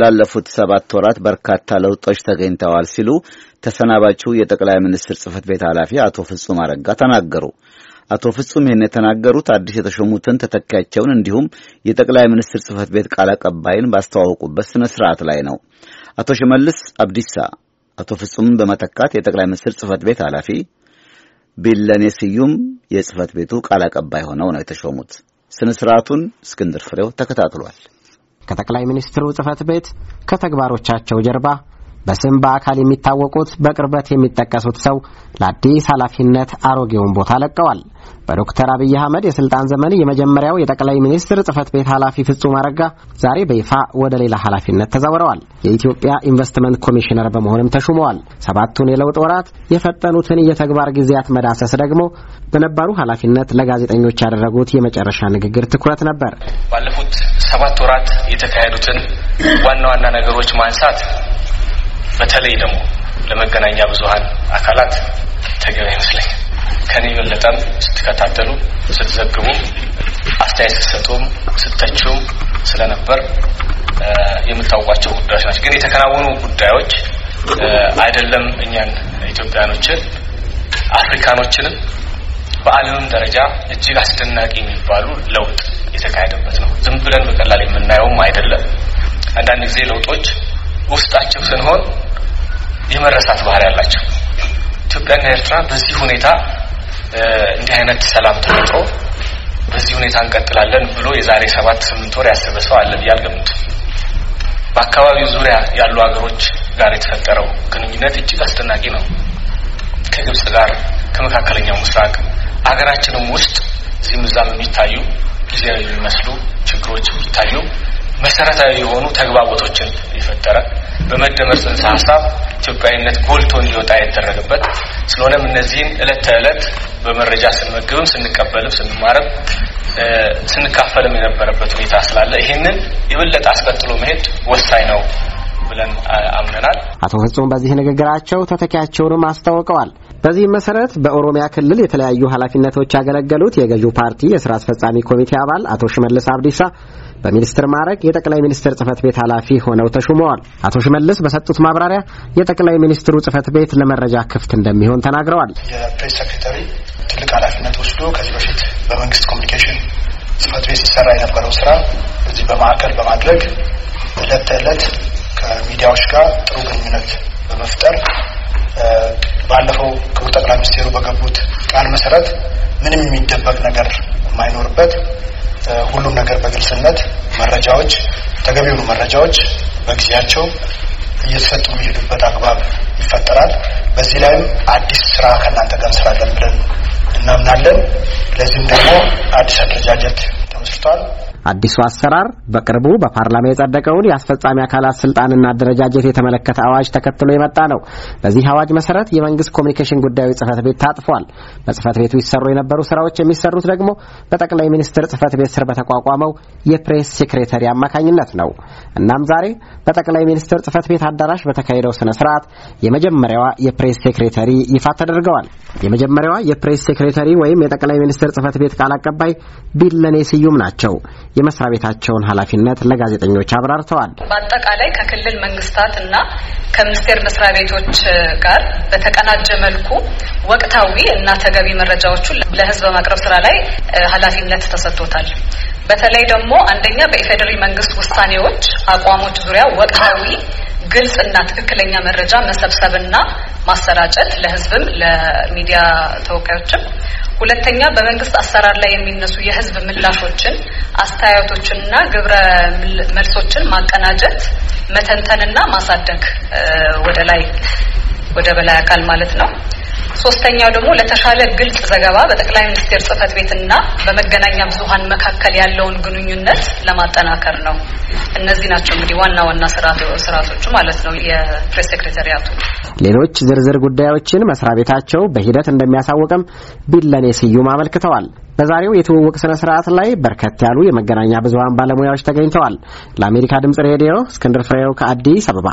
ላለፉት ሰባት ወራት በርካታ ለውጦች ተገኝተዋል ሲሉ ተሰናባቹ የጠቅላይ ሚኒስትር ጽህፈት ቤት ኃላፊ አቶ ፍጹም አረጋ ተናገሩ። አቶ ፍጹም ይህን የተናገሩት አዲስ የተሾሙትን ተተኪያቸውን እንዲሁም የጠቅላይ ሚኒስትር ጽህፈት ቤት ቃል አቀባይን ባስተዋወቁበት ስነ ስርዓት ላይ ነው። አቶ ሽመልስ አብዲሳ አቶ ፍጹምን በመተካት የጠቅላይ ሚኒስትር ጽህፈት ቤት ኃላፊ ቢለኔ ስዩም የጽህፈት ቤቱ ቃል አቀባይ ሆነው ነው የተሾሙት። ስነ ስርዓቱን እስክንድር ፍሬው ተከታትሏል። ከጠቅላይ ሚኒስትሩ ጽህፈት ቤት ከተግባሮቻቸው ጀርባ በስም በአካል የሚታወቁት በቅርበት የሚጠቀሱት ሰው ለአዲስ ኃላፊነት አሮጌውን ቦታ ለቀዋል። በዶክተር አብይ አህመድ የስልጣን ዘመን የመጀመሪያው የጠቅላይ ሚኒስትር ጽህፈት ቤት ኃላፊ ፍጹም አረጋ ዛሬ በይፋ ወደ ሌላ ኃላፊነት ተዛውረዋል። የኢትዮጵያ ኢንቨስትመንት ኮሚሽነር በመሆንም ተሹመዋል። ሰባቱን የለውጥ ወራት የፈጠኑትን የተግባር ጊዜያት መዳሰስ ደግሞ በነባሩ ኃላፊነት ለጋዜጠኞች ያደረጉት የመጨረሻ ንግግር ትኩረት ነበር። ባለፉት ሰባት ወራት የተካሄዱትን ዋና ዋና ነገሮች ማንሳት በተለይ ደግሞ ለመገናኛ ብዙሀን አካላት ተገቢ ይመስለኝ ከኔ የበለጠም ስትከታተሉ፣ ስትዘግቡ፣ አስተያየት ስትሰጡም ስተችውም ስለነበር የምታውቋቸው ጉዳዮች ናቸው። ግን የተከናወኑ ጉዳዮች አይደለም እኛን ኢትዮጵያኖችን አፍሪካኖችንም በአለምም ደረጃ እጅግ አስደናቂ የሚባሉ ለውጥ የተካሄደበት ነው። ዝም ብለን በቀላል የምናየውም አይደለም። አንዳንድ ጊዜ ለውጦች ውስጣቸው ስንሆን የመረሳት ባህሪ ያላቸው ኢትዮጵያና ኤርትራ በዚህ ሁኔታ እንዲህ አይነት ሰላም ተፈጥሮ በዚህ ሁኔታ እንቀጥላለን ብሎ የዛሬ ሰባት ስምንት ወር ያሰበ ሰው አለ ብዬ አልገምትም። በአካባቢው ዙሪያ ያሉ ሀገሮች ጋር የተፈጠረው ግንኙነት እጅግ አስደናቂ ነው። ከግብጽ ጋር፣ ከመካከለኛው ምስራቅ ሀገራችንም ውስጥ እዚህም እዛም የሚታዩ ጊዜያዊ የሚመስሉ ችግሮች ቢታዩ መሰረታዊ የሆኑ ተግባቦቶችን የፈጠረ በመደመር ጽንሰ ሀሳብ ኢትዮጵያዊነት ጎልቶ እንዲወጣ የተደረገበት ስለሆነም እነዚህን እለት ተእለት በመረጃ ስንመግብም ስንቀበልም ስንማርም ስንካፈልም የነበረበት ሁኔታ ስላለ ይህንን የበለጠ አስቀጥሎ መሄድ ወሳኝ ነው ብለን አምነናል። አቶ ፍጹም በዚህ ንግግራቸው ተተኪያቸውንም አስታውቀዋል። በዚህ መሰረት በኦሮሚያ ክልል የተለያዩ ኃላፊነቶች ያገለገሉት የገዢው ፓርቲ የስራ አስፈጻሚ ኮሚቴ አባል አቶ ሽመልስ አብዲሳ በሚኒስትር ማዕረግ የጠቅላይ ሚኒስትር ጽህፈት ቤት ኃላፊ ሆነው ተሹመዋል። አቶ ሽመልስ በሰጡት ማብራሪያ የጠቅላይ ሚኒስትሩ ጽህፈት ቤት ለመረጃ ክፍት እንደሚሆን ተናግረዋል። የፕሬስ ሴክሬታሪ ትልቅ ኃላፊነት ወስዶ ከዚህ በፊት በመንግስት ኮሚኒኬሽን ጽህፈት ቤት ሲሰራ የነበረው ስራ እዚህ በማዕከል በማድረግ እለት ተዕለት ከሚዲያዎች ጋር ጥሩ ግንኙነት በመፍጠር ባለፈው ክቡር ጠቅላይ ሚኒስቴሩ በገቡት ቃል መሰረት ምንም የሚደበቅ ነገር የማይኖርበት ሁሉም ነገር በግልጽነት መረጃዎች፣ ተገቢ የሆኑ መረጃዎች በጊዜያቸው እየተሰጡ የሚሄዱበት አግባብ ይፈጠራል። በዚህ ላይም አዲስ ስራ ከእናንተ ጋር እንሰራለን ብለን እናምናለን። ለዚህም ደግሞ አዲስ አደረጃጀት ተመስርቷል። አዲሱ አሰራር በቅርቡ በፓርላማ የጸደቀውን የአስፈጻሚ አካላት ስልጣንና አደረጃጀት የተመለከተ አዋጅ ተከትሎ የመጣ ነው። በዚህ አዋጅ መሰረት የመንግስት ኮሚኒኬሽን ጉዳዮች ጽህፈት ቤት ታጥፏል። በጽህፈት ቤቱ ይሰሩ የነበሩ ስራዎች የሚሰሩት ደግሞ በጠቅላይ ሚኒስትር ጽህፈት ቤት ስር በተቋቋመው የፕሬስ ሴክሬተሪ አማካኝነት ነው። እናም ዛሬ በጠቅላይ ሚኒስትር ጽህፈት ቤት አዳራሽ በተካሄደው ስነ ስርዓት የመጀመሪያዋ የፕሬስ ሴክሬተሪ ይፋ ተደርገዋል። የመጀመሪያዋ የፕሬስ ሴክሬተሪ ወይም የጠቅላይ ሚኒስትር ጽህፈት ቤት ቃል አቀባይ ቢለኔ ስዩም ናቸው። የመስሪያ ቤታቸውን ኃላፊነት ለጋዜጠኞች አብራርተዋል። በአጠቃላይ ከክልል መንግስታት እና ከሚኒስቴር መስሪያ ቤቶች ጋር በተቀናጀ መልኩ ወቅታዊ እና ተገቢ መረጃዎቹን ለህዝብ በማቅረብ ስራ ላይ ኃላፊነት ተሰጥቶታል። በተለይ ደግሞ አንደኛ በኢፌዴሪ መንግስት ውሳኔዎች፣ አቋሞች ዙሪያ ወቅታዊ ግልጽ እና ትክክለኛ መረጃ መሰብሰብና ማሰራጨት ለህዝብም ለሚዲያ ተወካዮችም ሁለተኛ በመንግስት አሰራር ላይ የሚነሱ የህዝብ ምላሾችን፣ አስተያየቶችንና ግብረ መልሶችን ማቀናጀት፣ መተንተንና ማሳደግ ወደ ላይ ወደ በላይ አካል ማለት ነው። ሶስተኛው ደግሞ ለተሻለ ግልጽ ዘገባ በጠቅላይ ሚኒስቴር ጽህፈት ቤትና በመገናኛ ብዙሀን መካከል ያለውን ግንኙነት ለማጠናከር ነው። እነዚህ ናቸው እንግዲህ ዋና ዋና ስርዓቶቹ ማለት ነው የፕሬስ ሴክሬታሪያቱ። ሌሎች ዝርዝር ጉዳዮችን መስሪያ ቤታቸው በሂደት እንደሚያሳውቅም ቢለኔ ስዩም አመልክተዋል። በዛሬው የትውውቅ ስነ ስርዓት ላይ በርከት ያሉ የመገናኛ ብዙሀን ባለሙያዎች ተገኝተዋል። ለአሜሪካ ድምጽ ሬዲዮ እስክንድር ፍሬው ከአዲስ አበባ